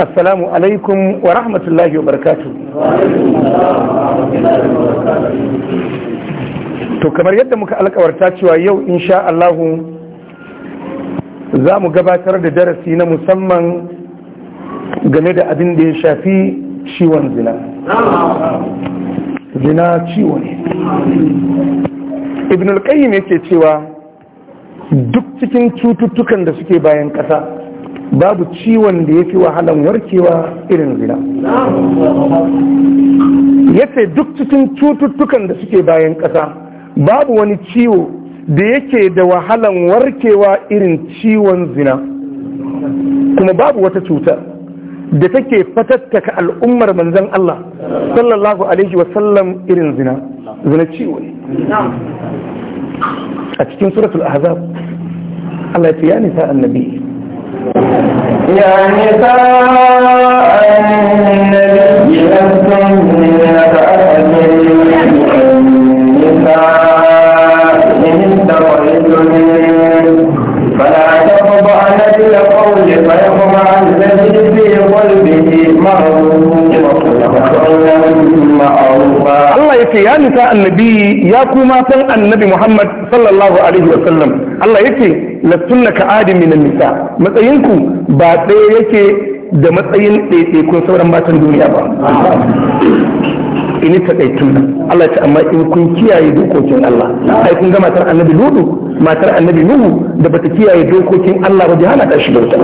assalamu alaikum wa rahmatullahi wa barakatu to kamar yadda muka alkawarta cewa yau insha Allahu za mu gabatar da darasi na musamman game da abin da ya shafi ciwon zina zina ciwo ne ibn al-qayyim yake cewa duk cikin cututtukan da suke bayan ƙasa babu ciwon da ya fi wahalan warkewa irin zina ya duk cikin cututtukan da suke bayan ƙasa babu wani ciwo da yake da wahalan warkewa irin ciwon zina kuma babu wata cuta da take fatattaka al'ummar manzan Allah sallallahu alaihi wasallam irin zina zina ciwo ne a cikin suratul ahzab Allah ya ce ya nisa annabi يا نساء النبي لستن كأحد من النساء إن استطعتن Allah ya ce ya nisa annabi ya kuma san annabi Muhammad sallallahu alaihi wa sallam Allah ya ce lastunna ka adi na nisa matsayinku ba ɗaya yake da matsayin ɗaiɗaikun sauran matan duniya ba ini ta ɗaitun Allah ya ce amma in kun kiyaye dokokin Allah ai kun ga matar annabi Lutu matar annabi Nuhu da bata kiyaye dokokin Allah ba ji ta ta da wuta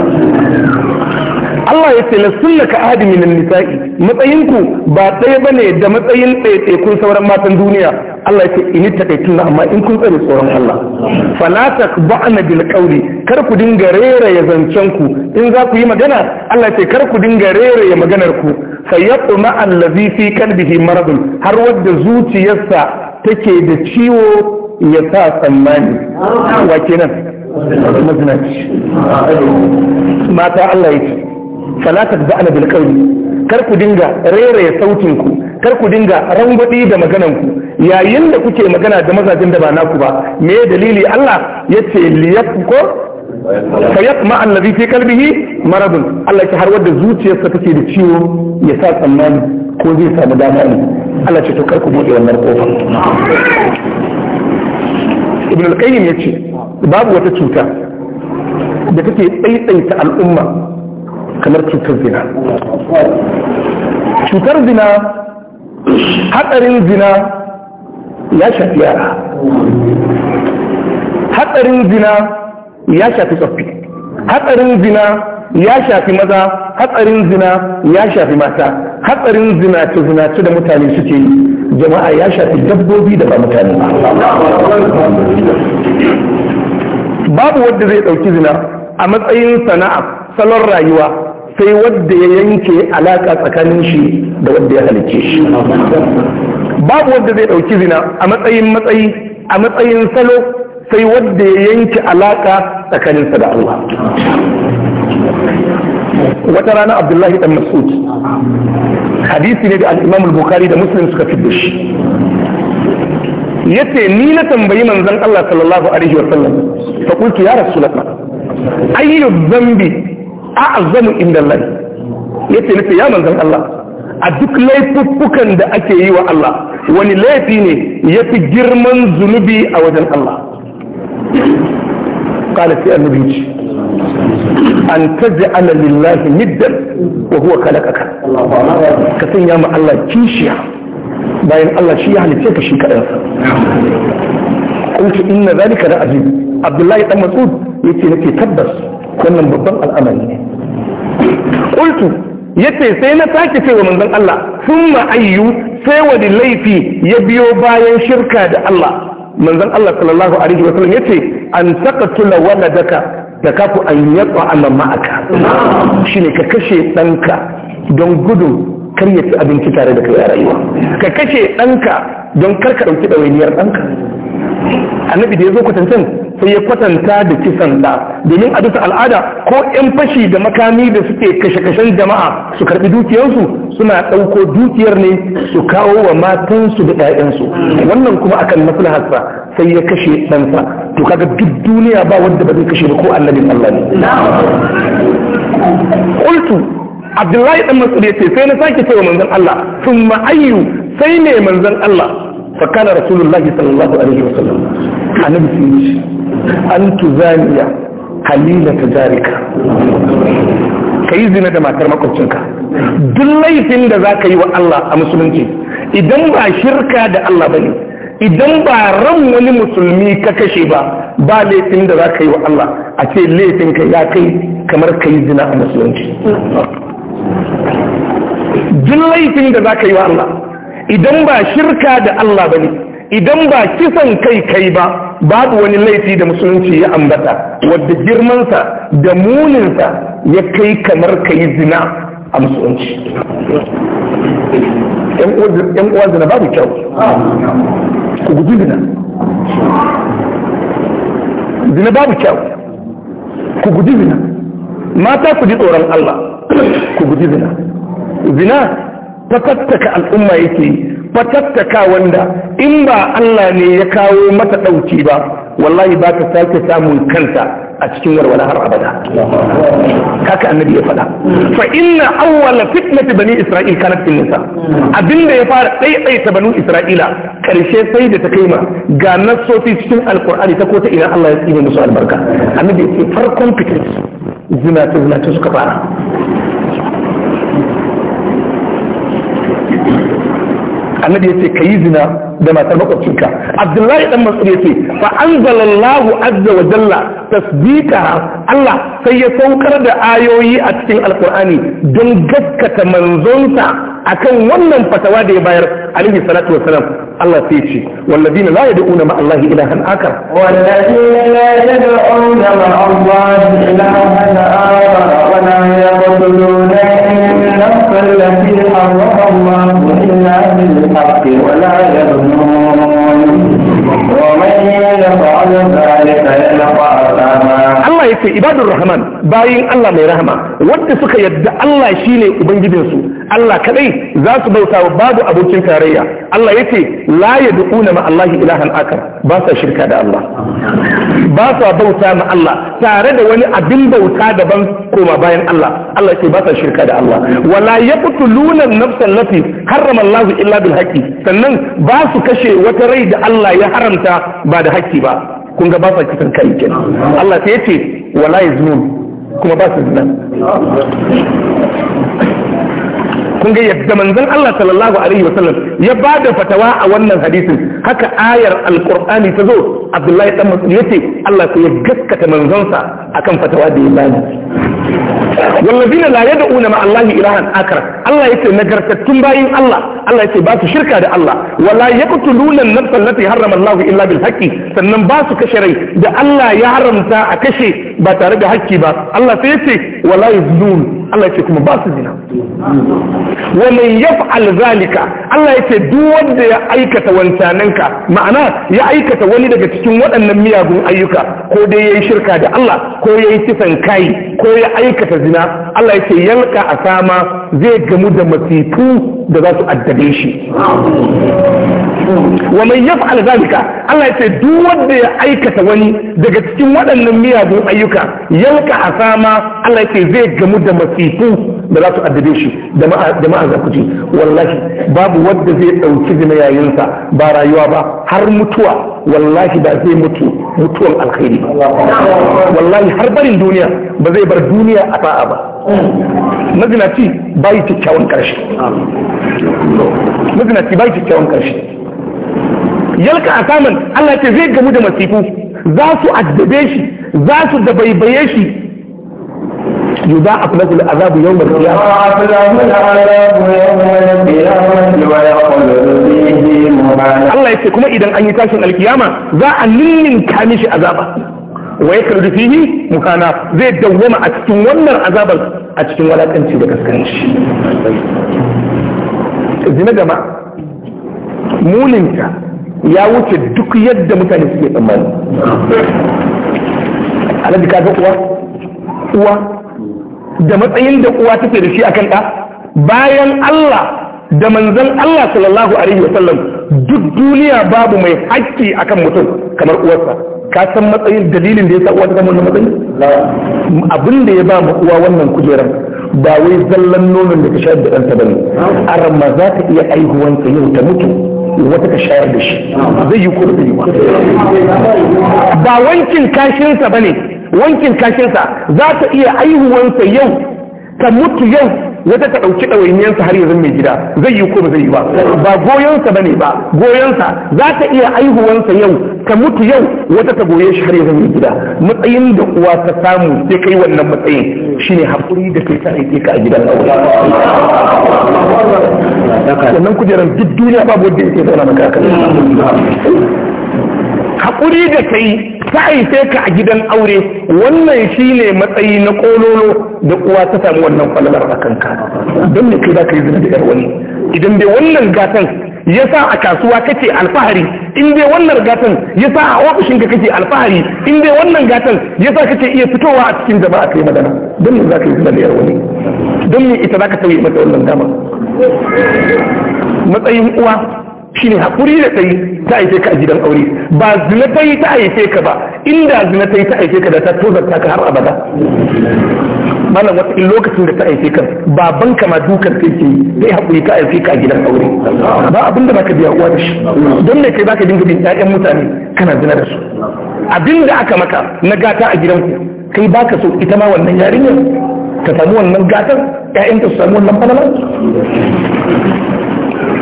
Allah ya ce lasunna ka ahadi minan nisa'i matsayinku ba ɗaya bane da matsayin ɗaiɗaikun sauran matan duniya Allah ya ce ini na amma in kun tsare tsoron Allah fala takba'na bil qawli kar ku dinga ya zancen ku in za ku yi magana Allah ya ce kar ku dinga ya maganar ku fayatma allazi fi kalbihi maradun har wadda zuciyarsa take da ciwo ya sa tsammani wa kenan mata Allah ya ce falatat ba'ana bil qawli kar ku dinga rereye sautin ku kar ku dinga rangwadi da maganan ku yayin da kuke magana da mazajin da ba naku ba me dalili Allah yace liyakko fayatma alladhi fi qalbihi maradun Allah ya har wanda zuciyarsa take da ciwo ya sa tsammani ko zai samu dama ne Allah ce to kar ku bude wannan kofa Ibn al-Qayyim yace babu wata cuta da take tsaitsaita al'umma kamar cutar zina cutar zina hatsarin zina ya shafi yara hatsarin zina ya shafi tsoffi hatsarin zina ya shafi maza hatsarin zina ya shafi mata hatsarin zinace zinace da mutane suke yi jama'a ya shafi dabbobi da ba mutane babu wanda zai ɗauki zina a matsayin sana'a salon rayuwa sai wadda ya yanke alaƙa tsakanin shi da wadda ya halicce shi babu wadda zai ɗauki zina a matsayin matsayi a matsayin salo sai wadda ya yanke alaka tsakaninsa da Allah wata rana abdullahi dan mas'ud hadisi ne da al-imam al-bukhari da muslim suka fidda shi yace ni na tambayi manzon Allah sallallahu alaihi wasallam fa qultu ya rasulullah ayyu dhanbi a'azzamu inda Allah yace nufi ya manzon Allah a duk laifuffukan da ake yi wa Allah wani laifi ne ya fi girman zunubi a wajen Allah kala sai annabi ce an taj'ala lillahi niddan wa huwa khalaqaka ka sanya ma Allah kishiya bayan Allah shi ya halice ka shi kadan sa kuntu inna zalika la azim. Abdullahi dan Mas'ud yace nake tabbas wannan babban al'amari ne qultu yace sai na sake cewa manzon Allah thumma ayyu sai wani laifi ya biyo bayan shirka da Allah manzon Allah sallallahu alaihi wa sallam yace an taqtula waladaka da kafu an yatsa amma ma'aka shine ka kashe danka don gudun kar ya abinci tare da kai a rayuwa ka kashe danka don kar ka dauki dawainiyar danka annabi da ya zo kwatantan sai ya kwatanta da kisan da domin a bisa al'ada ko 'yan fashi da makami da suke kashe-kashen jama'a su karbi dukiyarsu suna ɗauko dukiyar ne su kawo wa matansu da 'ya'yansu wannan kuma akan maslaharsa sai ya kashe ɗansa to kaga duk duniya ba wanda ba zai kashe ba ko annabin Allah ne abdullahi dan masud sai na sake cewa manzon Allah sun ayyu sai ne manzon Allah fa kana rasulullahi sallallahu alaihi wasallam annabi sun yi an tuzaniya halila ta jarika ka yi zina da matar makwabcinka duk laifin da za ka yi wa Allah a musulunci idan ba shirka da Allah ba ne idan ba ran wani musulmi ka kashe ba ba laifin da za ka yi wa Allah a ce laifin ka ya kai kamar ka yi zina a musulunci duk laifin da za ka yi wa Allah idan ba shirka da Allah ba ne idan ba kisan kai kai ba babu wani laifi da musulunci ya ambata wadda girmansa da muninsa ya kai kamar ka yi zina a musulunci yan uwa zina babu kyau ku guji zina zina babu kyau ku guji zina mata ku ji tsoron Allah ku guji zina zina fatattaka al'umma yake fatattaka wanda in ba Allah ne ya kawo mata ɗauki ba wallahi ba ta sake samun kanta a cikin warwala har abada haka annabi ya faɗa fa inna awwala fitnati bani isra'il kanat nisa abinda ya fara daidaita banu isra'ila karshe sai da ta kaima ga nassofi cikin alqur'ani ta ko ta ina Allah ya tsine musu albarka annabi ya ce farkon fitin zina ta zina ta suka fara annabi yace kayi zina da matar makwabcinka abdullahi dan mas'ud yace fa anzalallahu azza wa jalla tasdika Allah sai ya saukar da ayoyi a cikin alqur'ani don gaskata manzonsa akan wannan fatawa da ya bayar alaihi salatu wassalam Allah sai ce walladina la yad'una ma Allah ilahan akar walladina la yad'una ma ilahan ce ibadun rahman bayin Allah mai rahama wadda suka yadda Allah shine ubangijinsu Allah kadai za su bauta wa babu abokin tarayya Allah ya ce la yad'una ma Allah ilahan akar ba sa shirka da Allah ba sa bauta ma Allah tare da wani abin bauta daban koma bayan Allah Allah ya ce ba sa shirka da Allah wala yaqtuluna an lati allati harrama Allah illa bil haqqi sannan ba su kashe wata rai da Allah ya haramta ba da haƙƙi ba kun ga ba sa kisan kai kenan Allah sai yace wala yaznun kuma ba su zina kun ga yadda manzon Allah sallallahu alaihi wasallam ya ba da fatawa a wannan hadisin haka ayar alqur'ani ta zo Abdullahi dan Mas'ud yace Allah sai ya gaskata manzon sa akan fatawa da ya bani na la yad'una ma allahi ilahan akar Allah yace nagartattun bayin Allah Allah yace ba su shirka da Allah wala yaqtuluna an-nafsa allati harrama Allahu illa bil haqqi sannan ba su kashe rai da Allah ya haramta a kashe ba tare da haƙƙi ba Allah sai yace wala yaznun Allah ya ce kuma ba su zina wamin yaf'al zalika Allah ya ce duk wanda ya aikata wancananka ma'ana ya aikata wani daga cikin waɗannan miyagun ayyuka ko dai yayi shirka da Allah ko yayi kisan kai ko ya aikata zina Allah ya ce yalka sama zai gamu da masifu da za su addabe shi wamin yaf'al zalika Allah ya ce duk wanda ya aikata wani daga cikin waɗannan miyagun ayyuka yalka a sama Allah ya ce zai gamu da masifu masifu da za su addabe shi jama'a za ku wallahi babu wadda zai ɗauki zina yayinsa ba rayuwa ba har mutuwa wallahi ba zai mutu mutuwan alkhairi ba wallahi har barin duniya ba zai bar duniya a ba'a ba mazinaci bayi kyakkyawan karshe mazinaci bayi kyakkyawan karshe yalka a saman Allah ce zai gamu da masifu za su addabe shi za su dabaibaye shi يضاعف له العذاب يوم القيامة يضاعف له العذاب يوم القيامة ويخلد فيه مهانا الله يقول كما إذا أن يتاشن القيامة ذا أنين كامش عذابه ويخلد فيه مهانا زي دوما أتكين ونر عذابه أتكين ولا تنسي بكسكنش zina gama muninta ya wuce duk yadda mutane suke tsammani alaji ka ga uwa uwa da matsayin da uwa take da shi akan ɗa bayan Allah da manzon Allah sallallahu alaihi wasallam duk duniya babu mai hakki akan mutum kamar uwarsa ka san matsayin dalilin da ya sa uwa ta wannan matsayi abin da ya ba mu uwa wannan kujerar, ba wai zallan nonon da ka shayar da ɗanta bane arma za ta iya aihuwansa yau ta mutu wata ka shayar da shi zai yi ko ba ba wankin kashinsa bane wankin kashinsa za ta iya aihuwansa yau ta mutu yau wata ta ɗauki ɗawainiyarsa har yanzu mai gida zai yi ko ba zai yi ba ba goyonsa ba ne ba goyonsa za ta iya aihuwansa yau ta mutu yau wata ta goye shi har yanzu mai gida matsayin da uwa ta samu ya kai wannan matsayin shine haƙuri da kai ta aike ka a gidan aure wannan kujerar duk duniya babu wanda ya zauna maka haƙuri da ka yi ta haife ka a gidan aure wannan shi ne matsayi na ƙololo da uwa ta samu wannan kwalalar a kanka don ne kai za ka yi zina da yar wani idan dai wannan gatan ya sa a kasuwa kake alfahari in dai wannan gatan ya sa a ofishinka kake alfahari in dai wannan gatan ya sa kake iya fitowa a cikin jama'a kai magana don me za ka yi zina zalaliyar wani don me ita za ka tauye mata wannan dama matsayin uwa shine hakuri da tsayi ta aike ka a gidan aure ba zina ta yi ta aike ka ba inda zina ta yi ta aike ka da ta tozarta ka har abada malam wata in lokacin da ta aike ka baban ka ma dukan kai ke yi hakuri ta aike ka a gidan aure ba abinda baka biya uwa da shi don ne kai baka dinga bin ƴaƴan mutane kana zina da su abinda aka maka na gata a gidanku kai baka so ita ma wannan yarinyar ta samu wannan gatar ƴaƴanta su samu wannan falalar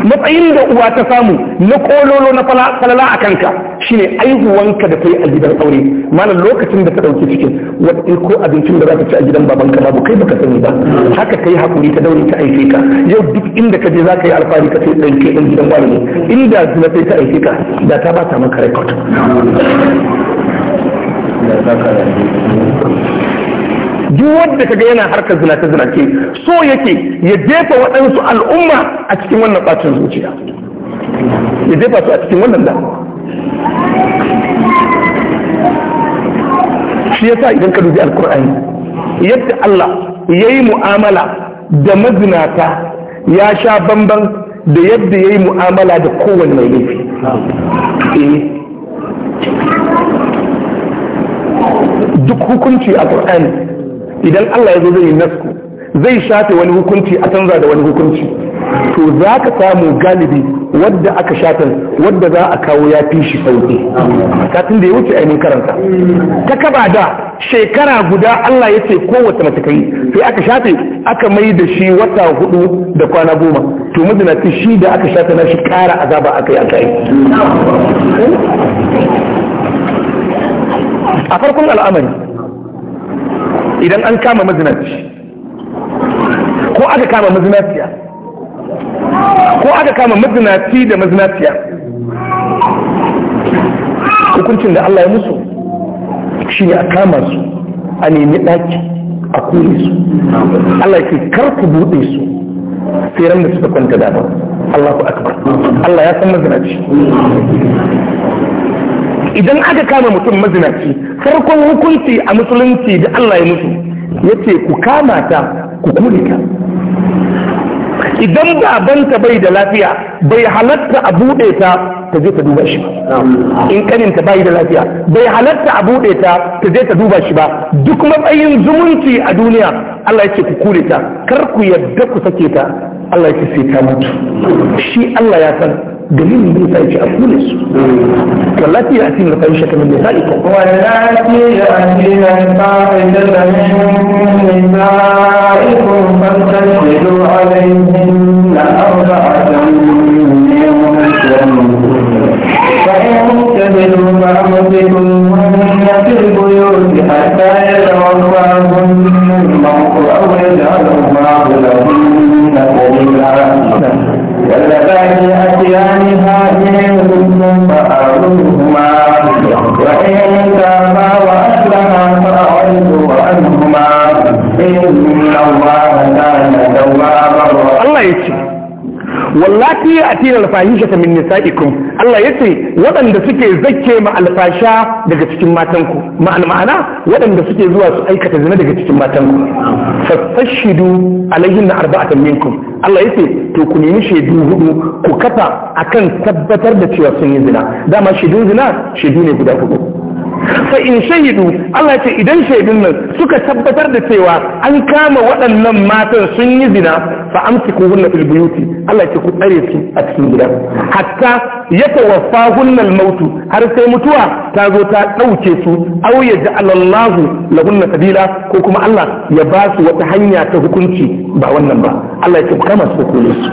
matsayin da uwa ta samu na kololo na falala a kanka shine aihuwanka da ta yi a gidan aure malam lokacin da ta ɗauki cikin wata ko abincin da za ta ci a gidan babanka babu kai baka sani ba haka ka yi haƙuri ta daure ta aike ka yau duk inda ka je za ka yi alfahari ka ce ɗan ke ɗan gidan wani ne inda zina sai ta aike ka da ta ba ta maka rekod duk wanda kaga yana harkar zinace zinace so yake ya jefa waɗansu al'umma a cikin wannan bacin zuciya ya jefa su a cikin wannan da. shi yasa idan ka dubi alkur'ani yadda Allah ya yi mu'amala da mazinata ya sha bamban da yadda ya yi mu'amala da kowane mai laifi eh. duk hukunci a ƙur'ani idan Allah ya zo zai yi nasku zai shafe wani hukunci a canza da wani hukunci to za ka samu galibi wadda aka shatan wadda za a kawo ya fi shi sauƙi. satin da ya wuce ainihin karanta ta kaba da shekara guda Allah ya ce kowace mace kai sai aka shafe aka mai da shi wata hudu da kwana goma to mijina shi da aka shafe na shi kara azaba aka yi aka yi a farkon al'amari idan an kama mazinaci ko aka kama mazinaciya ko aka kama mazinaci da mazinaciya hukuncin da Allah ya musu shi ne a kama su a nemi ɗaki a kure su Allah ya ce kar ku buɗe su sai ran da suka kwanta da Allah ku akbar Allah ya san mazinaci idan aka kama mutum mazinaci farkon hukunci a musulunci da Allah ya mutu yace ku kama ta ku kure ta idan babanta bai da lafiya bai halatta a buɗe ta ta je ta duba shi ba. in kaninta bai da lafiya bai halatta a buɗe ta ta je ta duba shi ba duk matsayin zumunci a duniya Allah ya ce ku kure ta kar ku yadda ku sake ta Allah ya ce sai ta mutu shi Allah ya san دليل من فايش أفلس والتي يأتي من فايشة من نسائكم والتي يأتي من فاحشة من atina alfahisha fahishata min nisa'ikum Allah yace waɗanda suke zakke ma alfasha daga cikin matanku ma'ana ma'ana waɗanda suke zuwa su aikata zina daga cikin matanku fastashidu alayhin arba'atan minkum Allah yace to ku nemi shaidu hudu ku kafa akan tabbatar da cewa sun yi zina dama shaidun zina shaidu ne guda hudu fa in shaidu Allah yace idan shaidun nan suka tabbatar da cewa an kama waɗannan matan sun yi zina fa amsikuhunna fil buyuti Allah ce ku tsare su a cikin gida hatta yatawaffahunna al maut har sai mutuwa ta zo ta dauke su aw yaj'al Allah lahunna sabila ko kuma Allah ya ba su wata hanya ta hukunci ba wannan ba Allah ya ce ku kama su kore su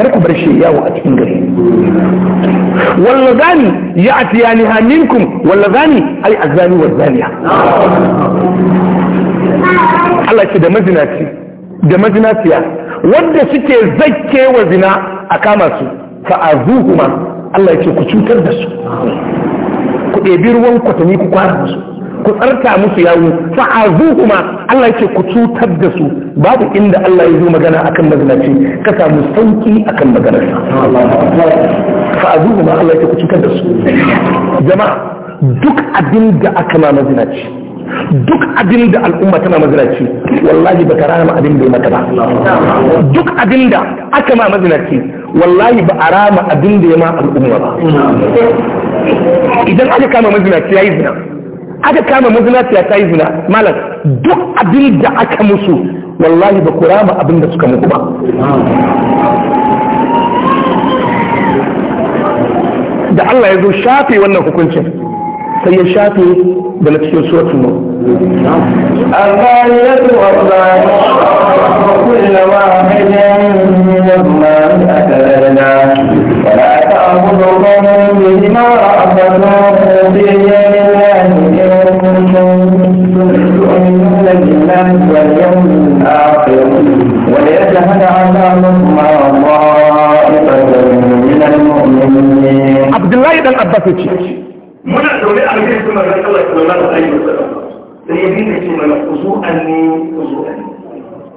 kar ku bar shi yawo a cikin gari wallazani ya'tiyaniha minkum wallazani ay azani wazaniya Allah ce da mazinaci da majinasiya wanda suke zakke wa zina a kama su fa azuhuma Allah yake ku cutar da su ku ɗebi ruwan kwatami ku kwara musu ku tsarta musu yawo fa azuhuma Allah yake ku cutar da su babu inda Allah ya zo magana akan mazinaci ka samu sauki akan maganar fa azuhuma Allah yake ku cutar da su jama'a duk abin da aka ma majinaci. duk abin da al'umma tana mazinaci wallahi ba ta rama abin da ya mata ba duk abin da aka ma mazinaci wallahi ba a rama abin da ya ma al'umma ba idan aka kama mazinaci ya yi zina aka kama mazinaci ya ta yi zina malam duk abin da aka musu wallahi ba ku rama abin da suka muku ba da Allah ya zo shafe wannan hukuncin sai ya shafe da na cikin suratun mu الغالية والله كلما حجا من ولا تعبد الله بما في الله إن واليوم الآخر طائفة من المؤمنين عبد الله بن عباس ma ba kala ko na ta da yi ne ce mana kuzu'an ni kuzu'an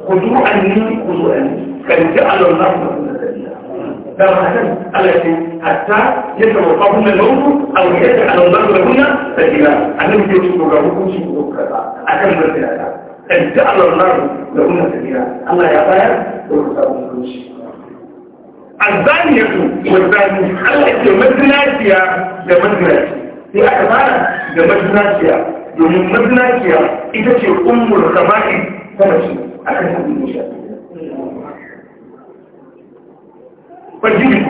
kuzu'an ni kuzu'an ta Allah na ku da hadan Allah ne hatta yadda ba ku ne lawu aw yadda Allah na ku ne kuna ta gida annabi ku ga hukunci ku ka a kan ba ta da kan ta Allah na ku ne kuna ta gida Allah ya bayar da ku ta hukunci الزانية والزاني الله يتمنى sai a kamara da mazinaciya domin mazinaciya ita ce umar kamari ta mace a kan abin da shafi fajiri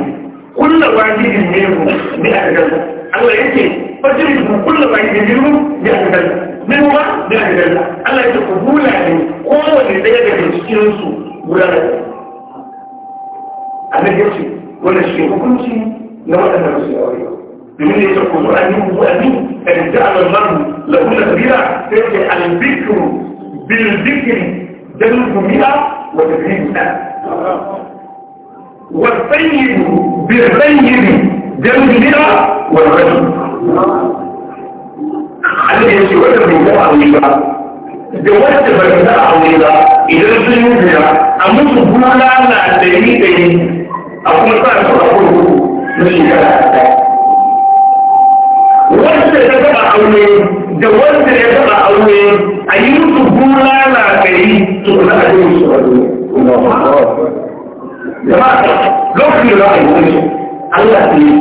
kulla wajibin ne mu ne a gaza Allah yake fajiri kulla wajibin ne mu ne a gaza min ma ne a gaza Allah yake ku bula ne kowane daya daga cikinsu guda da Allah yake wannan shi hukunci na waɗanda ba su yi aure ba بمن يتقول أنه مؤمن أن جعل الله لهن سبيلا تجعل الذكر بالذكر دلب منها وتدريبها والطيب بالطيب دلب منها والرجل الذي يسوى الرجاء عظيمة جوات الرجاء عظيمة إذا لم يجرى أمس بولا لا تريد أقول فأنا أقول لا كلام wanda ta taba aure da wanda ya taba aure a yi musu gura na gari su kula a yi musu jama'a lokacin da za a yi wani Allah ta yi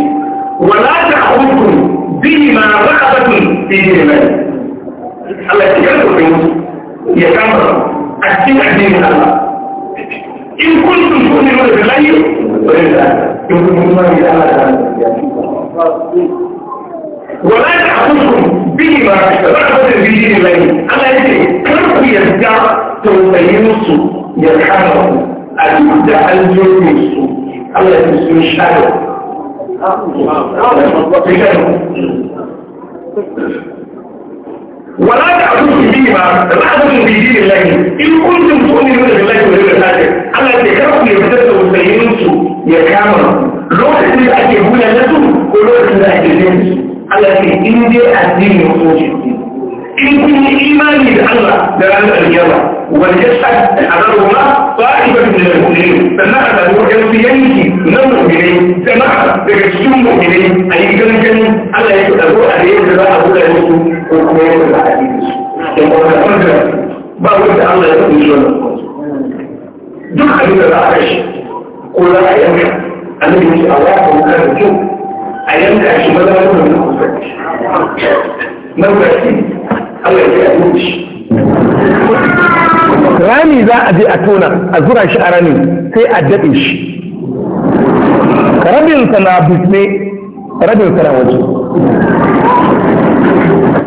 wala ta hukum bi ma ra'abatun bi ne Allah ya karɓe musu ya kama a cikin addinin Allah إن كنتم تؤمنون بالله وإن كنتم تؤمنون بالله ولا تأخذكم بما تأخذ به إليه أنا يجي كيف يرجع توسينسو يرحمه أجد أنزل نسو الله يسمي شهر ولا تأخذكم بما تأخذ به إليه إن كنتم تؤمنون بالله واليوم الآخر أنا يجي كيف يرجع توسينسو يرحمه لو تسمي أجي هنا لكم ولو تسمي أجي لكم Allah ce in dai addini ya so shi in kun yi imani da Allah da ranar alkiyama wal yasad al-aruma qa'ibatan min al-mu'minin sannan a samu wajen su yanki na mu'minai jama'a daga cikin mu'minai a yi gangan Allah ya faɗa ko a da yadda za a buɗe musu ko kuma yadda za a yi musu da kuma da ba wanda Allah ya faɗi wannan duk abin da za a kashe ko za a yanka annabi ya ce a wata kan mutum أيام العيش ما لا يكون منه فتش ما الفتين الله يتأمنش rami za a je a tona a zura shi a ramin sai a daɗe shi rabinsa na bisne rabinsa na waje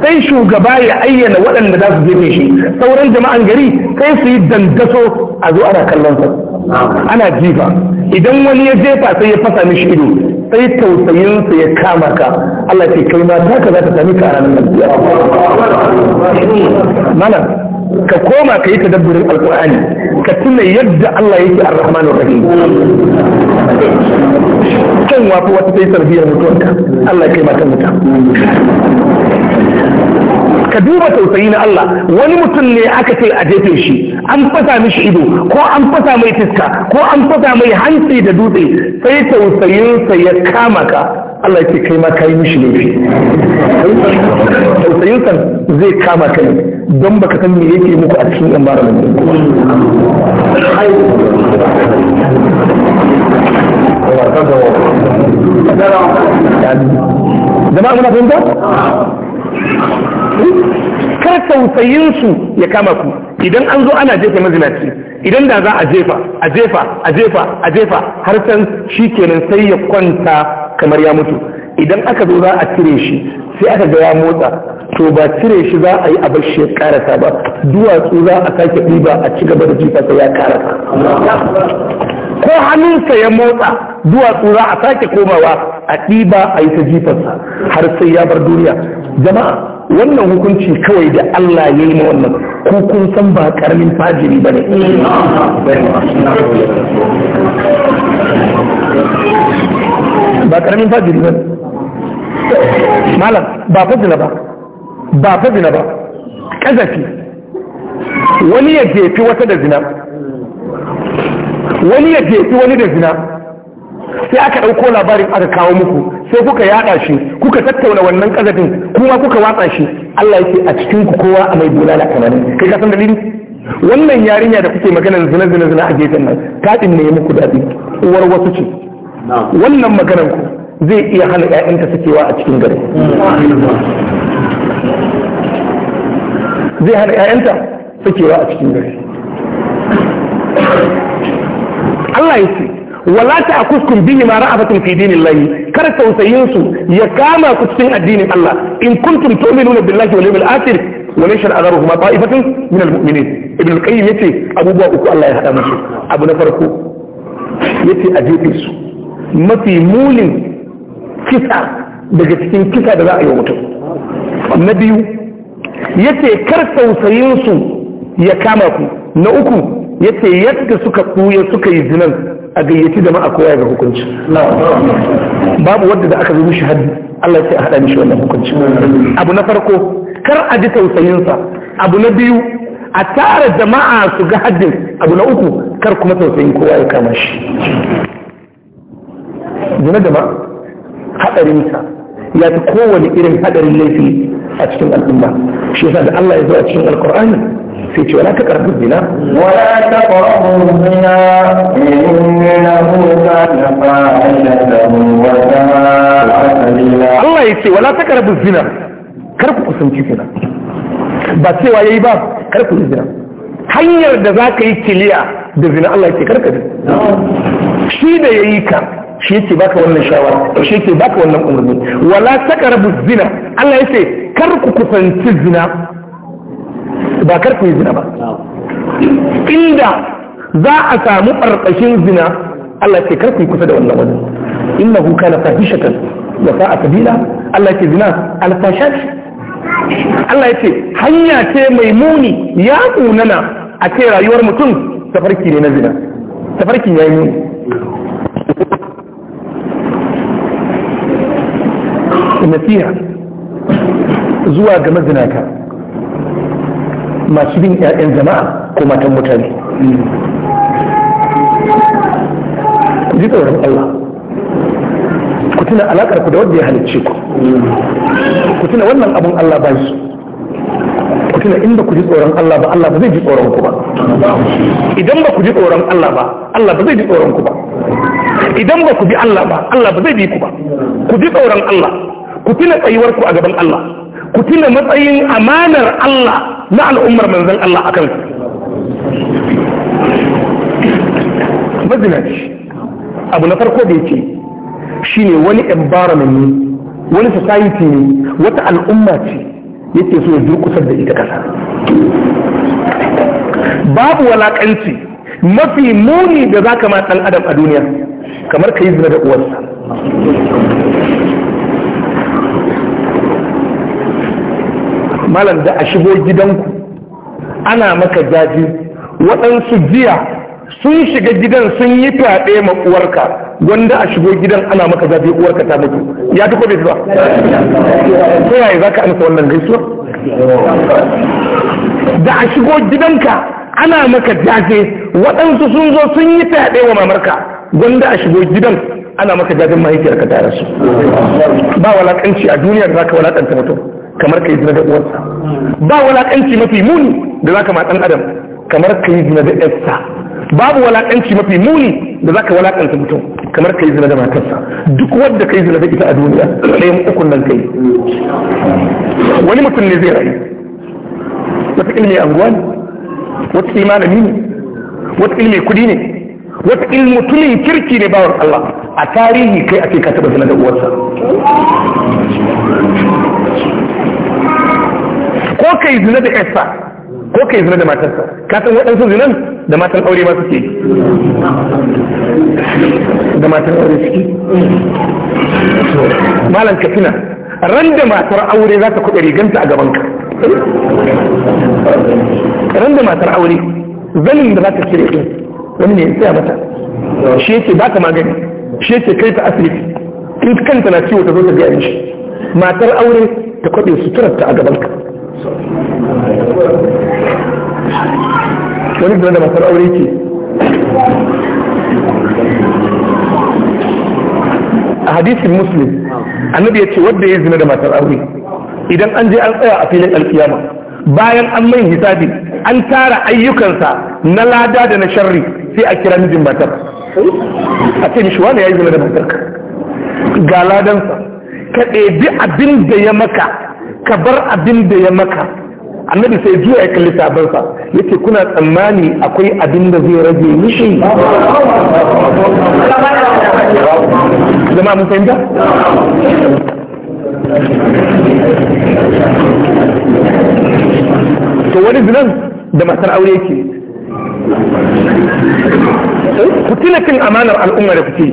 sai shugaba ya ayyana waɗanda za su jefe shi sauran jama'an gari sai su yi dandaso a zo ana kallon sa ana jifa idan wani ya jefa sai ya fasa mishi ido sai tausayinsa ya kama ka Allah ke kai ma ka za ta sami ka a ranar mana ka koma ka yi tadabburin alkur'ani ka tuna yadda Allah yake ar-rahmanur rahim kan wafi wata sai tarbiyyar mutuwarka Allah ya kai ta mutum ka duba tausayi na Allah wani mutum ne aka ce a jefe shi an fasa mishi ido ko an fasa mai fiska ko an fasa mai hanci da dutse sai tausayinsa ya kama ka Allah ce kai ma ka yi mishi laifi tausayinsa zai kama ka ne don baka san me yake muku a cikin environment jama'a muna fahimta ku kar tausayin ya kama ku idan an zo ana jefa mazinaci idan da za a jefa a jefa a jefa a jefa har san kenan sai ya kwanta kamar ya mutu idan aka zo za a cire shi sai aka ga ya motsa to ba cire shi za a yi a bar shi ya karasa ba duwatsu za a sake ɗiba a ci gaba da jifa sai ya karasa ko hannunsa ya motsa duwatsu za a sake komawa a ɗiba a yi ta jifarsa har sai ya bar duniya jama'a wannan hukunci kawai da Allah ya yi wannan ko kun san ba karamin fajiri ba ne ba karamin fajiri ba malam ba fajina ba ba fajina ba kazafi wani ya jefi wata da zina wani ya jefi wani da zina sai aka ɗauko labarin aka kawo muku sai kuka yaɗa shi kuka tattauna wannan ƙazafin kuma kuka watsa shi Allah yake a cikin ku kowa a mai bulala kamar kai ka san dalili wannan yarinya da kuke maganar zina zina zina a gefen nan ta ne muku daɗi uwar wasu ce wannan maganar ku zai iya hana ƴaƴanta sakewa a cikin gari zai hana ƴaƴanta sakewa a cikin gari Allah ya ce wala ta akuskun bihi ma ra'abatun fi dinillahi kar tausayin su ya kama ku cikin addinin Allah in kuntum tu'minuna billahi wal yawmil akhir wa la shar'a ma ta'ifatun min al mu'minin ibn al qayyim yace abubuwa uku Allah ya hada musu abu na farko yace a jefe su mafi mulin kisa daga cikin kisa da za a yi wa mutum na biyu yace kar tausayin su ya kama ku na uku ya ce yadda suka ɓuya suka yi zinan a gayyaci jama'a kowa ga hukunci babu wadda da aka zo mishi haddi Allah sai a haɗa mishi wannan hukunci abu na farko kar a ji tausayinsa abu na biyu a tara jama'a su ga haddin abu na uku kar kuma tausayin kowa ya kama shi zina jama'a haɗarinsa ya fi kowane irin haɗarin laifi a cikin al'umma shi yasa da Allah ya zo a cikin alkur'ani sai ce wala taqrabu zina wala taqrabu zina innahu kana fa'ilatan wa sa'a sabila Allah ce wala taqrabu zina kar ku kusanci zina ba cewa yayi ba kar ku zina hanyar da za ka yi kiliya da zina Allah ya ke karka da shi da ya yi ka shi yake baka wannan shawara shi yake baka wannan umarni wala taqrabu zina Allah ya ce kar ku kusanci zina ba kar ku yi zina ba inda za a samu ɓarɓashin zina Allah ce kar ku yi kusa da wannan wajen inna hu kana fahishatan wa sa'a kabila? Allah ce zina alfashat Allah ya ce hanya ce mai muni ya kunana a ce rayuwar mutum tafarki ne na zina tafarkin ya yi muni nasiha zuwa ga mazinata masu bin 'ya'yan jama'a ko matan mutane ku ji tsoron Allah ku tuna alaƙar ku da wanda ya halicce ku ku tuna wannan abun Allah ba su ku tuna inda ku ji tsoron Allah ba Allah ba zai ji tsoron ku ba idan ba ku ji tsoron Allah ba Allah ba zai ji tsoron ku ba idan ba ku bi Allah ba Allah ba zai bi ku ba ku ji tsoron Allah ku tuna tsayuwar ku a gaban Allah ku tuna matsayin amanar Allah na al'ummar manzan Allah a kanku mazinaci abu na farko da yake shi ne wani environment ne wani society ne wata al'umma ce yake so ya durkusar da ita kasa babu walakanci mafi muni da za ka ma ɗan adam a duniya kamar ka yi zina da uwarsa malam da a shigo gidanku ana maka jaji waɗansu jiya sun shiga gidan sun yi fyaɗe ma uwarka wanda a shigo gidan ana maka jaji uwarka ta mutu ya duk bai zuwa ta yaya za ka amsa wannan gaisuwa da a shigo gidanka ana maka jaje waɗansu sun zo sun yi fyaɗe wa mamarka wanda a shigo gidan ana maka jajen mahaifiyarka ta rasu ba walakanci a duniyar za ka walakanta mutum kamar ka yi zina da uwarsa ba walakanci mafi muni da zaka ma dan adam kamar ka yi zina da yarsa babu walakanci mafi muni da zaka walakanta mutum kamar ka yi zina da matarsa duk wanda ka yi zina da ita a duniya ɗayan ukun nan kai wani mutum ne zai rayu wata ilmi anguwa ne wata imanami ne wata ilmi kudi ne wata mutumin kirki ne bawar Allah a tarihi kai ake ka taɓa zina da uwarsa ko kai zina da yarsa ko kai zina da matarsa ka san waɗansu zinan da matan aure ma suke da matan aure suke malam ka tuna ran da matar aure za ta kuɗa riganta a gabanka ran da matar aure zanin da za ta cire ɗin wani ne ya tsaya mata shi yake ba ta magani shi yake kai ta asibiti in kanta na ciwo ta zo ta biya shi matar aure ta kwaɗe suturarta a gabanka wani da da matar aure ce a hadisin muslim annabi ya ce wadda ya zina da matar aure idan an je an tsaya a filin alkiyama bayan an mai hisabi an tara ayyukansa na lada da na sharri sai a kira mijin matar a ce mishi wani ya yi zina da matar ga ladansa ka ɗebi abin da ya maka ka bar abin da ya maka annabi sai juya ya kalli sabansa yace kuna tsammani akwai abin da zai rage mishi zama mun fahimta to wani zinan da matar aure ke ku tuna cin amanar al'umma da kuke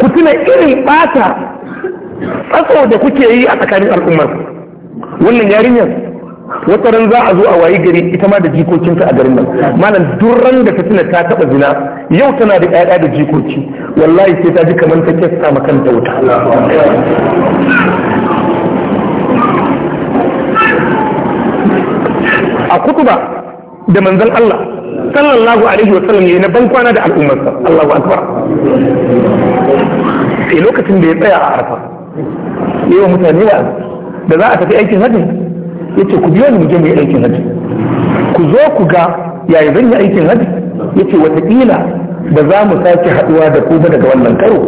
ku tuna irin bata tsatso da kuke yi a tsakanin al'ummar wannan yarinyar wata ran za a zo a wayi gari ita ma da jikokinta a garin nan malam duran da fitina ta taba zina yau tana da ƴaƴa da jikoki wallahi sai ta ji kamar ta kyasta ma kanta wuta a kutuba da manzon Allah sallallahu alaihi wasallam yayi na ban kwana da al'ummarsa Allahu akbar sai lokacin da ya tsaya a arfa yi wa mutane wa da za a tafi aikin hajji ya ce ku biyo ni mu je mu yi aikin hajji ku zo ku ga yayi zan yi aikin hajji ya ce wataƙila ba za mu sake haɗuwa da ku daga wannan karo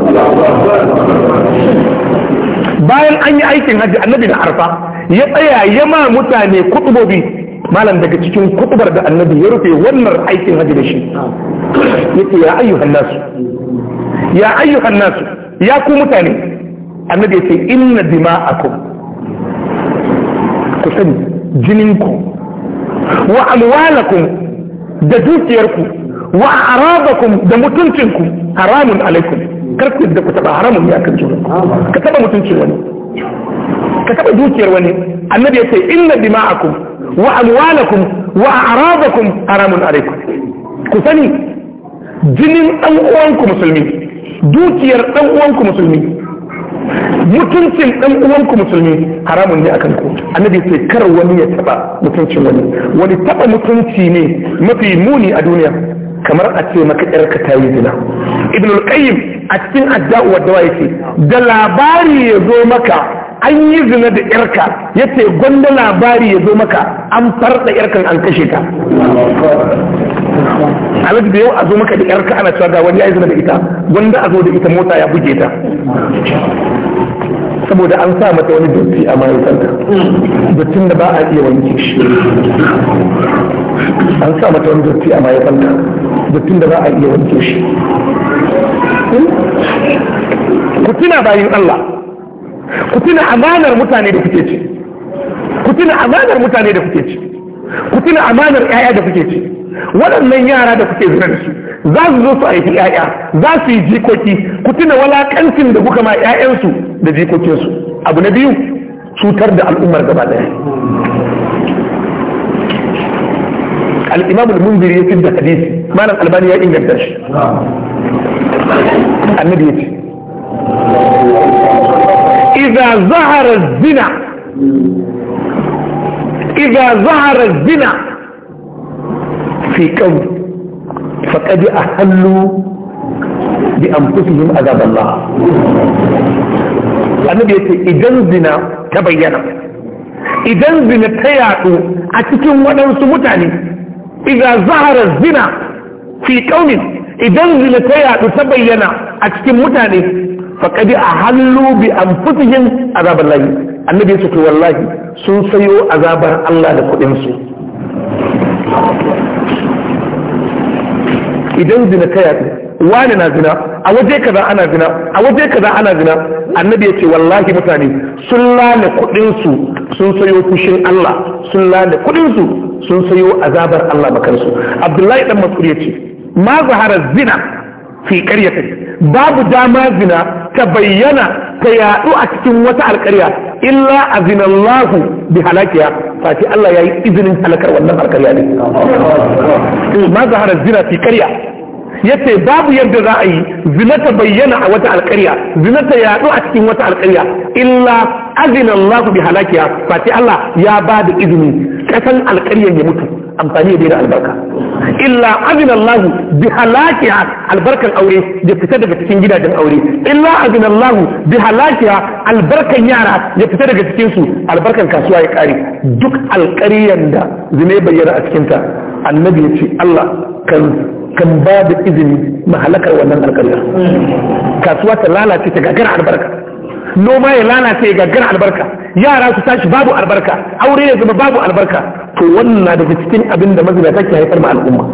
bayan an yi aikin hajji annabi na arfa ya tsaya ya ma mutane kutubobi malam daga cikin kuɗubar da annabi ya rufe wannan aikin hajji da shi ya ce ya ayyuhan nasu ya ayyuhan nasu ya ku mutane annabi ya ce inna dima'akum ku sani jininku wa alwalakum da dukiyarku wa arabakum da mutuncinku haramun alaikum kar ku da ku taba haramun ya kan juna ka taba mutuncin wani ka taba dukiyar wani annabi ya ce inna dima'akum wa alwalakum wa arabakum haramun alaikum ku sani jinin dan uwanku musulmi dukiyar dan uwanku musulmi mutuncin ɗan uwanku musulmi haramun ne akan ku annabi sai kar wani ya taɓa mutuncin wani wani taɓa mutunci ne mafi muni a duniya kamar a ce maka yarka ka tayi zina ibnul qayyim a cikin adda'u wadda yake da labari ya zo maka an yi zina da yarka ya ce gwanda labari ya zo maka an farɗa yarkan an kashe ka alaji da yau a zo maka da yarka ana cewa ga wani ya yi zina da ita gwanda a zo da ita mota ya buge ta saboda an sa mata wani dotti a mahaifarta dottin da ba a iya wanke shi an sa mata wani dotti a mahaifarta dottin da ba a iya wanke shi hmm? ku tuna bayin Allah ku tuna amanar mutane da kuke ci ku tuna amanar mutane da kuke ci ku tuna amanar ƴaƴa da kuke ci waɗannan yara da kuke zira da su za su zo su aiki ƴaƴa za su yi jikoki ku tuna walakancin da kuka ma ƴaƴansu da jikokinsu abu na biyu cutar da al'ummar gaba ɗaya al'imamul imam munzir ya fidda hadisi malam albani ya inganta shi annabi ya ce اذا ظهر الزنا اذا ظهر الزنا في كون فقد أحلوا بانفسهم عذاب الله النبي يقول اذا الزنا تبين اذا الزنا تياتوا اتكم ونوسو متعني اذا ظهر الزنا في كون اذا الزنا تياتوا تبين اتكم متعني a ahallu bi an anfusihim azabar lahi annabi ya ce wallahi sun sayo azabar Allah da kuɗinsu. idan zina ka yaɗu wani na zina a waje kaza ana zina a waje kaza ana zina annabi ya ce wallahi mutane sun lana kuɗinsu sun sayo fushin Allah sun lana kuɗinsu sun sayo azabar Allah makarsu abdullahi dan masu ya ce ma zahara zina fi yi ƙarya babu dama zina ta bayyana ta yaɗu a cikin wata alƙarya illa a zinallahu bi halakiya fati Allah ya yi izinin halakar wannan alƙarya ne ma zahara zina fi karya ya babu yadda za a yi zina ta bayyana a wata alƙarya zina ta yaɗu a cikin wata alƙarya illa azinallahu bi halakiya fati Allah ya ba da izini kasan alƙaryar ya mutu amfani ya daina albarka illa azina Allah bi albarkan aure ya fita daga cikin gidajen aure illa azina Allah bi halakiha albarkan yara ya fita daga cikin su albarkan kasuwa ya kare duk alƙaryan da zine bayyana a cikin ta annabi ya ce Allah kan kan ba da izini mahalakar wannan alƙarya kasuwa ta lalace ta gagara albarka noma ya lalace ya gagara albarka yara su tashi babu albarka aure ya zama babu albarka to wannan daga cikin abin da mazina take haifar ma al'umma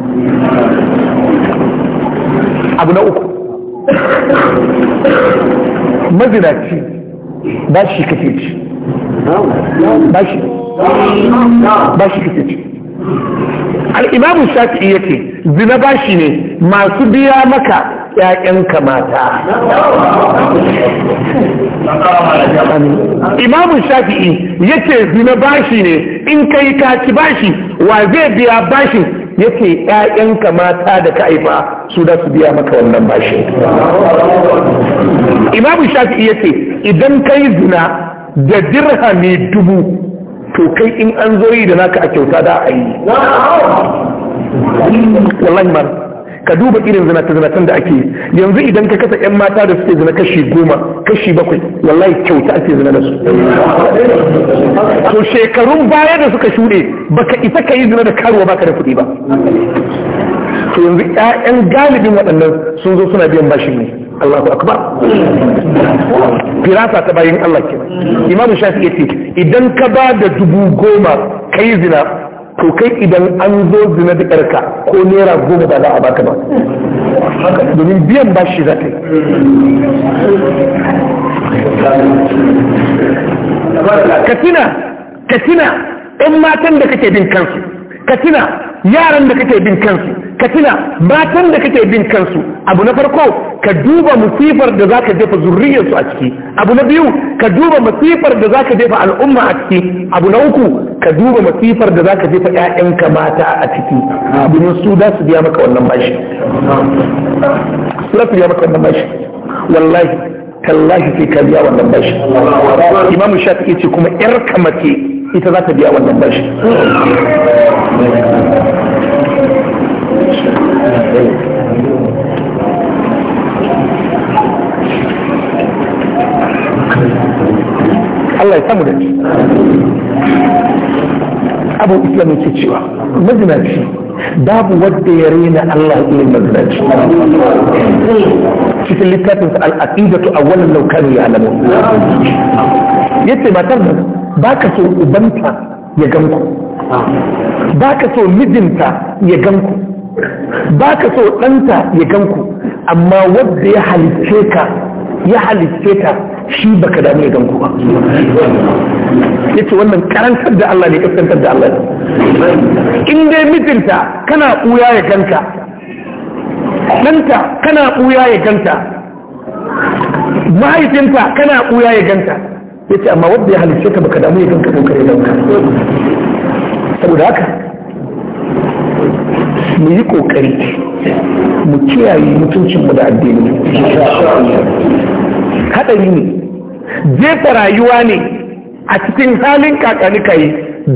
abu na uku mazina ci ba shi kake ci ba shi ba shi kake ci al'imamu shafi'i yake zina ba shi ne masu biya maka ƴaƴanka mata imamu shafi'i yace zina bashi ne in kai ka ci bashi wa zai biya bashi yake ƴaƴanka mata da ka haifa su da su biya maka wannan bashi Imamun shafi'i yace idan kai zina da dirhami dubu to kai in an zo yi da naka a kyauta da a yi wallahi ka duba irin zinata-zinatan da ake yanzu idan ka kasa 'yan mata da suke zina kashi goma kashi bakwai wallahi kyauta ake zina da su to shekarun baya da suka shuɗe baka isa ka yi zina da karuwa baka da kuɗi ba to yanzu 'ya'yan galibin waɗannan sun zo suna biyan bashin ne Allahu akbar firasa ta bayan Allah kenan imamu shafi idan ka ba da dubu goma kai zina to kai idan an zo zina da ƙarka ko naira goma ba za a baka ba domin biyan ba shi za ka yi katina katina ɗan matan da kake bin kansu katina yaran da kake bin kansu ka tuna matan da kake bin kansu abu na farko ka duba musifar da za ka jefa zurriyarsu a ciki abu na biyu ka duba musifar da za ka jefa al'umma a ciki abu na uku ka duba musifar da za ka jefa 'ya'yanka mata a ciki domin su za su biya maka wannan bashi za su biya maka wannan bashi wallahi tallahi sai ka biya wannan bashi imamu shafi'i ce kuma 'yar kamace ita za ta biya wannan bashi Allah ya samu da shi abu islam ke cewa mazinaci babu wadda ya rena Allah ilin mazinaci cikin littafin al'aqidatu awwalan law kanu ya'lamun yace matar nan baka so ubanta ya ganku baka so mijinta ya ganku ba ka so ɗanta ya ganku amma wadda ya halitce ka ya halitce ka shi ba ka damu ya ganku ba ya ce wannan karantar da Allah ne karantar da Allah ne in dai mijinta kana ɓuya ya ganka ɗanta kana ɓuya ya ganta mahaifinta kana ɓuya ya ganta ya ce amma wadda ya halitce ka ba ka damu ya ganka ko kare ganka saboda haka mu yi kokari mu kiyaye mutuncinmu da addini haɗari ne jefa rayuwa ne a cikin halin kakanika yi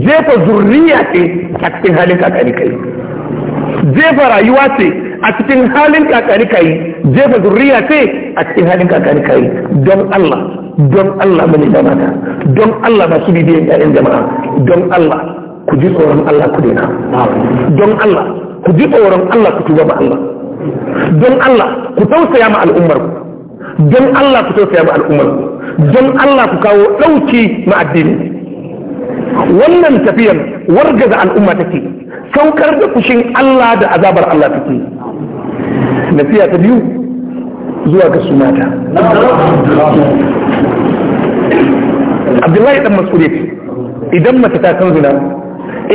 jefa zurriya ce a cikin halin kakanika yi jefa rayuwa ce a cikin halin kakanika yi jefa zurriya ce a cikin halin kakanika yi don Allah don Allah mani da mata don Allah masu bibiyan 'ya'yan jama'a don Allah ku ji tsoron Allah ku dina don Allah ku ji tsoron Allah ku tuba ma Allah don Allah ku tausaya ma al'ummar ku don Allah ku tausaya ma al'ummar ku don Allah ku kawo ɗauki ma addini wannan tafiyar wargaza al'umma take saukar da kushin Allah da azabar Allah take nasiya ta biyu zuwa ga sumata abdullahi dan masudi idan mace ta kan zina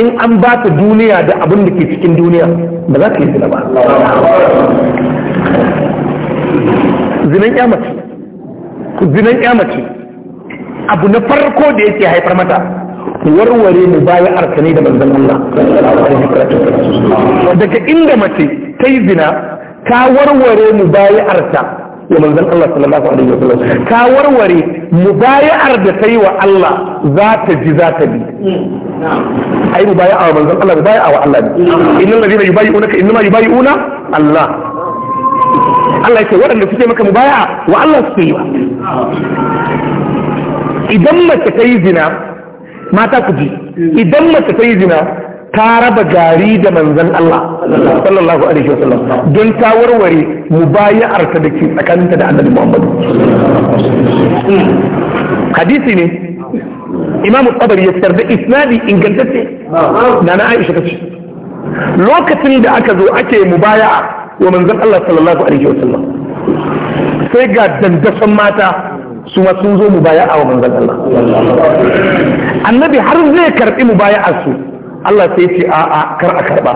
in an ba ta duniya da abin da ke cikin duniya ba za ka yi zina ba zinan yamace zinan yamace abu na farko da yake haifar mata warware mu baya arkane da manzan Allah daga inda mace ta yi zina ta warware mu baya arsa. Allah sallallahu alaihi ka warware mubaya'ar da yi wa Allah za ta ji za ta bi hmm. ai mubaya'a wa manzon Allah mubaya'a wa Allah hmm. innal ladina ma innama yubayyi'una Allah Allah yake waɗanda suke maka mubaya'a wa Allah suke yi wa idan mace ta yi zina mata ku ji idan mace ta yi zina ta raba gari da manzan Allah sallallahu alaihi wasallam don ta warware mubayarta da ke tsakaninta da annabi Muhammadu hadisi ne imamu tabari ya fitar da isnadi ingantacce na na Aisha tace lokacin da aka zo ake mubaya wa manzan Allah sallallahu alaihi wasallam sai ga dandasan mata su ma sun zo mubaya wa manzan Allah annabi har zai karbi mubayar su Allah sai ce a'a kar a karba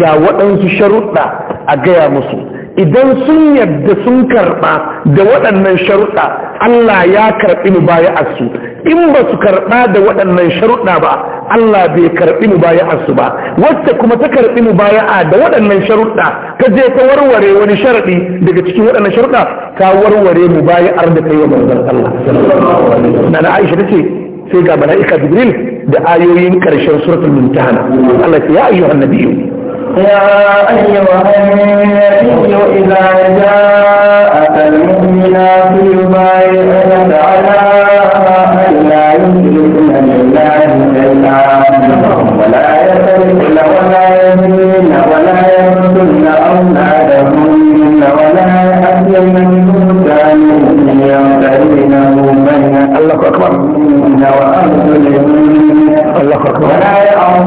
ga waɗansu sharuɗa a gaya musu idan sun yadda sun karba da waɗannan sharuɗa Allah ya karɓi mu baya asu in ba su karɓa da waɗannan sharuɗa ba Allah bai karɓi mu baya asu ba wacce kuma ta karɓi mu baya a da waɗannan sharuɗa ka je ta warware wani sharaɗi daga cikin waɗannan sharuɗa ta warware mu baya ar da kai wa manzon Allah na Aisha tace sai ga mala'ika jibril da ayoyin karshen suratul mumtahana Allah ya ayyuhan nabiyyu يا أيها النبي إذا جاءك المؤمنات يبايعنك على أن لا يشركن بالله شيئا ولا يسرقن ولا يزنين ولا يقتلن أولادهن ولا يحسبن بهتان يفترينه بين الله أكبر الله إن الله الله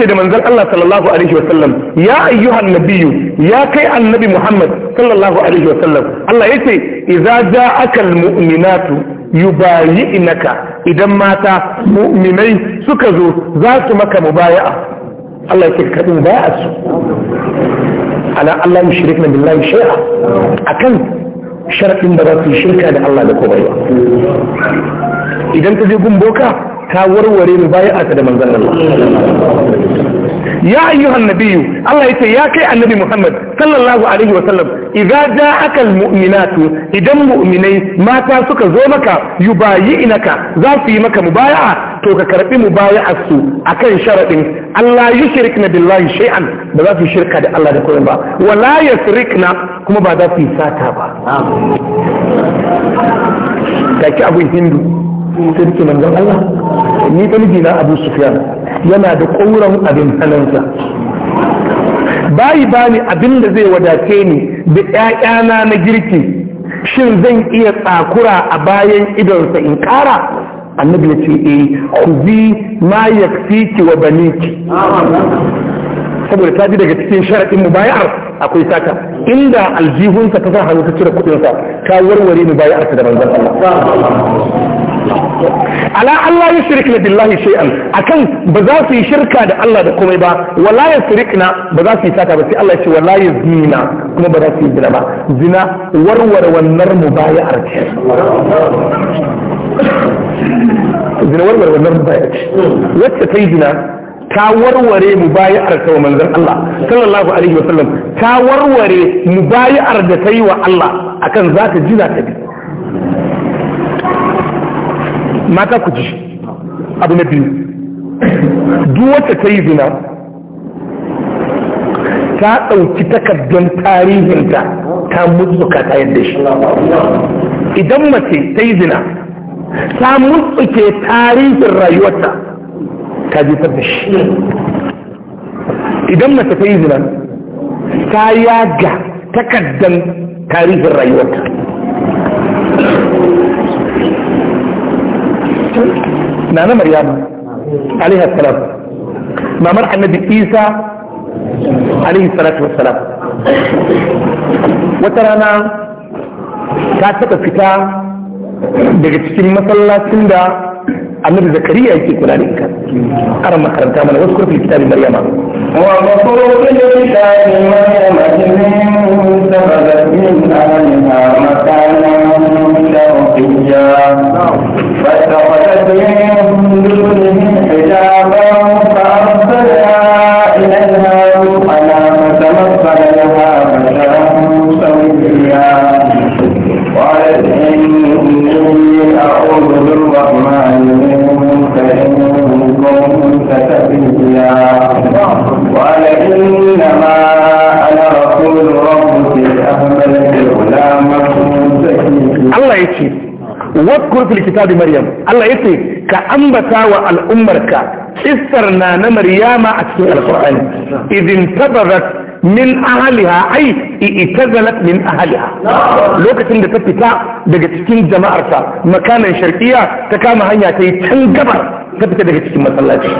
من ذلك الله صلى الله عليه وسلم يا أيها النبي يا كي النبي محمد صلى الله عليه وسلم الله يسير إذا جاءك المؤمنات يبايئنك idan mata mu'minai suka zo za su maka mubaya'a Allah ya ce kaɗin baya a su ala Allah mu na billahi shay'a akan sharaɗin da za su shirka da Allah da komai ba idan ta je gun boka ka warware mu bayan aka da manzon Allah ya ayyuhan nabiyyu Allah yace ya kai annabi Muhammad sallallahu alaihi wa sallam idza ja'aka almu'minatu idan mu'minai mata suka zo maka yubayi'inaka za su yi maka mubaya'a to ka karbi mubaya'a su akan sharadin Allah yushrikna billahi shay'an ba za su shirka da Allah da komai ba wala yasrikna kuma ba za su yi sata ba kaki abin hindu sarki manzon Allah ni dalili na Abu Sufyan yana da ƙuran abin hannunsa bayi bani abin da zai wadace ni da ƴaƴana na girki shin zan iya tsakura a bayan idonsa in ƙara annabi ya ce eh bi ma ki wa baniki saboda ta ji daga cikin sharaɗin mubayar akwai saka inda aljihunsa ta sa hannu ta cire kuɗinsa ta warware ta da manzon Allah ala Allah ya shirka billahi shay'an akan ba za su yi shirka da Allah da komai ba wala ya shirkna ba za su yi sata ba sai Allah ya ce wala ya zina kuma ba za su yi zina ba zina warware wannan mubayar ce zina warware wannan mubayar ce wacce ta yi zina ta warware mu bayar ta wa manzon Allah sallallahu alaihi wa sallam ta warware mu bayar da ta yi wa Allah akan za ta ji ta bi mata ku ji abu na biyu duk wacce ta yi zina ta ɗauki takardun tarihinta ta mutsuka ta yadda shi idan mace ta yi zina ta mutsuke tarihin rayuwarta ta ji da shi idan mace ta yi zina ta yaga takardun tarihin rayuwarta نانا مريم عليها السلام ما مر عن النبي عيسى عليه الصلاة والسلام وترى وترانا كاتب الكتاب بغتشين مثلا سندا النبي زكريا يقول عليك انا ما مقرم كامل واذكر في كتاب مريم وقصور fil kitabi maryam Allah ce ka ambata wa al'ummarka kissar na na maryama a cikin alqur'ani idin tabarat min ahliha ai itazalat min ahliha lokacin da ta fita daga cikin jama'arta makamin sharqiya ta kama hanya ta yi can gabar ta fita daga cikin masallaci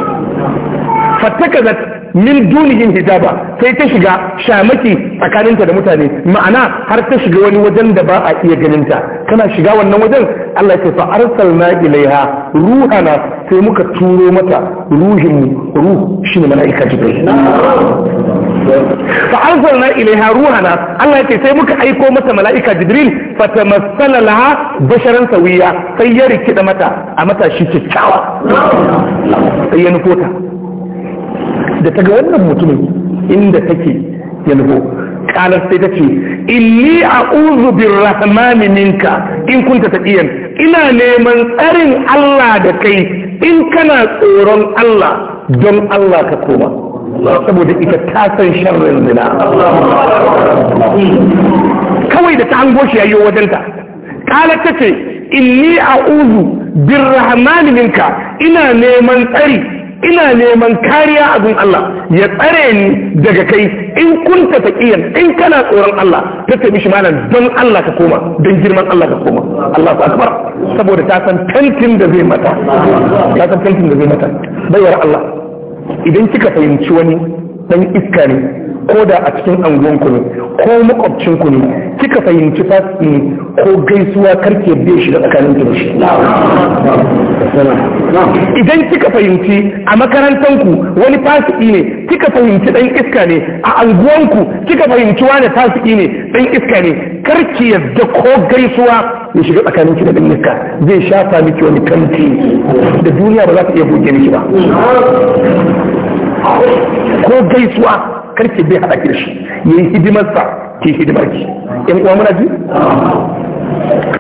fattakazat min dunihim hijaba sai ta shiga shamaki tsakaninta da mutane ma'ana har ta shiga wani wajen da ba a iya ganinta kana shiga wannan wajen Allah ce fa arsalna ilaiha ruhana sai muka turo mata ruhin ruh shine mala'ika jibril fa arsalna ilaiha ruhana Allah ce sai muka aiko mata mala'ika jibril fa tamassala laha basharan sawiya sai ya rikida mata a mata shi kyakkyawa sai ya nufo ta da ta ga wannan mutumin inda take ya nufo kalar sai ta ce inni a uzu bin rahmani in kunta taqiyan ina neman tsarin Allah da kai in kana tsoron Allah don Allah ka koma saboda ita ta san sharrin zina kawai da ta hango shi yayyo wajenta kala ta ce inni a uzu, birrahmani minka ina neman tsari ina neman kariya a gun Allah ya tsare ni daga kai in kunta taqiyan in kana tsoron Allah ta ce mishi malam don Allah ka koma don girman Allah ka koma Allah ku akbar saboda ta san tantin da zai mata ta san tantin da zai mata bayar Allah idan kika fahimci wani dan iska ne ko da a cikin anguwanku ne ko makwabcinku ne kika fahimci fasi ne ko gaisuwa karke bai shi da tsakanin da shi idan kika fahimci a makarantanku wani fasiki ne kika fahimci dan iska ne a anguwanku kika fahimci wani fasiki ne dan iska ne karki yadda ko gaisuwa ya shiga tsakanin ki da dan iska zai shafa miki wani kanti da duniya ba za ta iya goge miki ba ko gaisuwa karki bai haɗa kirshi ya yi hidimarsa ke hidimar ki ‘yan uwa muna ji?